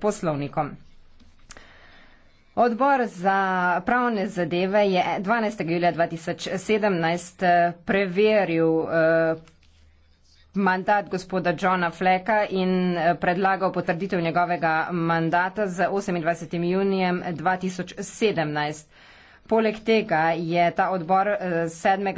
poslovnikom. Odbor za pravne zadeve je 12. julija 2017 eh, preveril eh, mandat gospoda Johna Fleka in eh, predlagal potrditev njegovega mandata z 28. junijem 2017. Poleg tega je ta odbor 7.